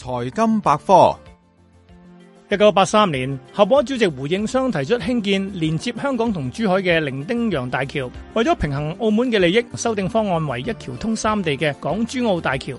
財金百科，一九八三年，合和主席胡應湘提出興建連接香港同珠海嘅伶仃洋大橋，為咗平衡澳門嘅利益，修訂方案為一橋通三地嘅港珠澳大橋。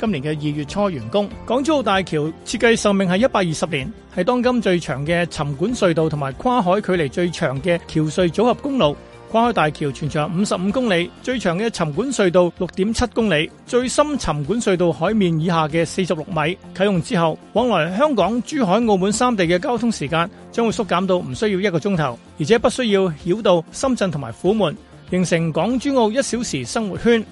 今年嘅二月初完工。港珠澳大橋設計壽命係一百二十年，係當今最長嘅沉管隧道同埋跨海距離最長嘅橋隧組合公路。跨海大橋全長五十五公里，最長嘅沉管隧道六點七公里，最深沉管隧道海面以下嘅四十六米。啟用之後，往來香港、珠海、澳門三地嘅交通時間將會縮減到唔需要一個鐘頭，而且不需要繞道深圳同埋虎門，形成港珠澳一小時生活圈。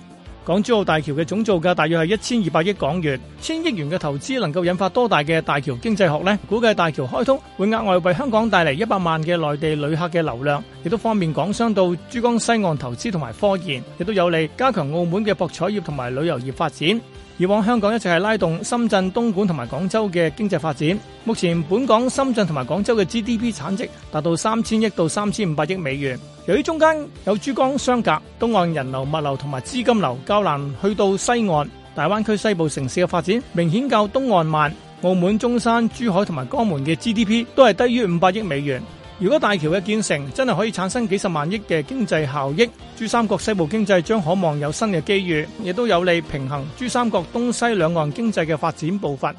港珠澳大橋嘅總造價大約係一千二百億港元，千億元嘅投資能夠引發多大嘅大橋經濟學呢？估計大橋開通會額外為香港帶嚟一百萬嘅內地旅客嘅流量，亦都方便港商到珠江西岸投資同埋科研，亦都有利加強澳門嘅博彩業同埋旅遊業發展。以往香港一直係拉動深圳、東莞同埋廣州嘅經濟發展。目前本港、深圳同埋廣州嘅 GDP 產值達到三千億到三千五百億美元。由於中間有珠江相隔，東岸人流、物流同埋資金流較難去到西岸，大灣區西部城市嘅發展明顯較東岸慢。澳門、中山、珠海同埋江門嘅 GDP 都係低於五百億美元。如果大橋嘅建成真係可以產生幾十萬億嘅經濟效益，珠三角西部經濟將可望有新嘅機遇，亦都有利平衡珠三角東西兩岸經濟嘅發展步伐。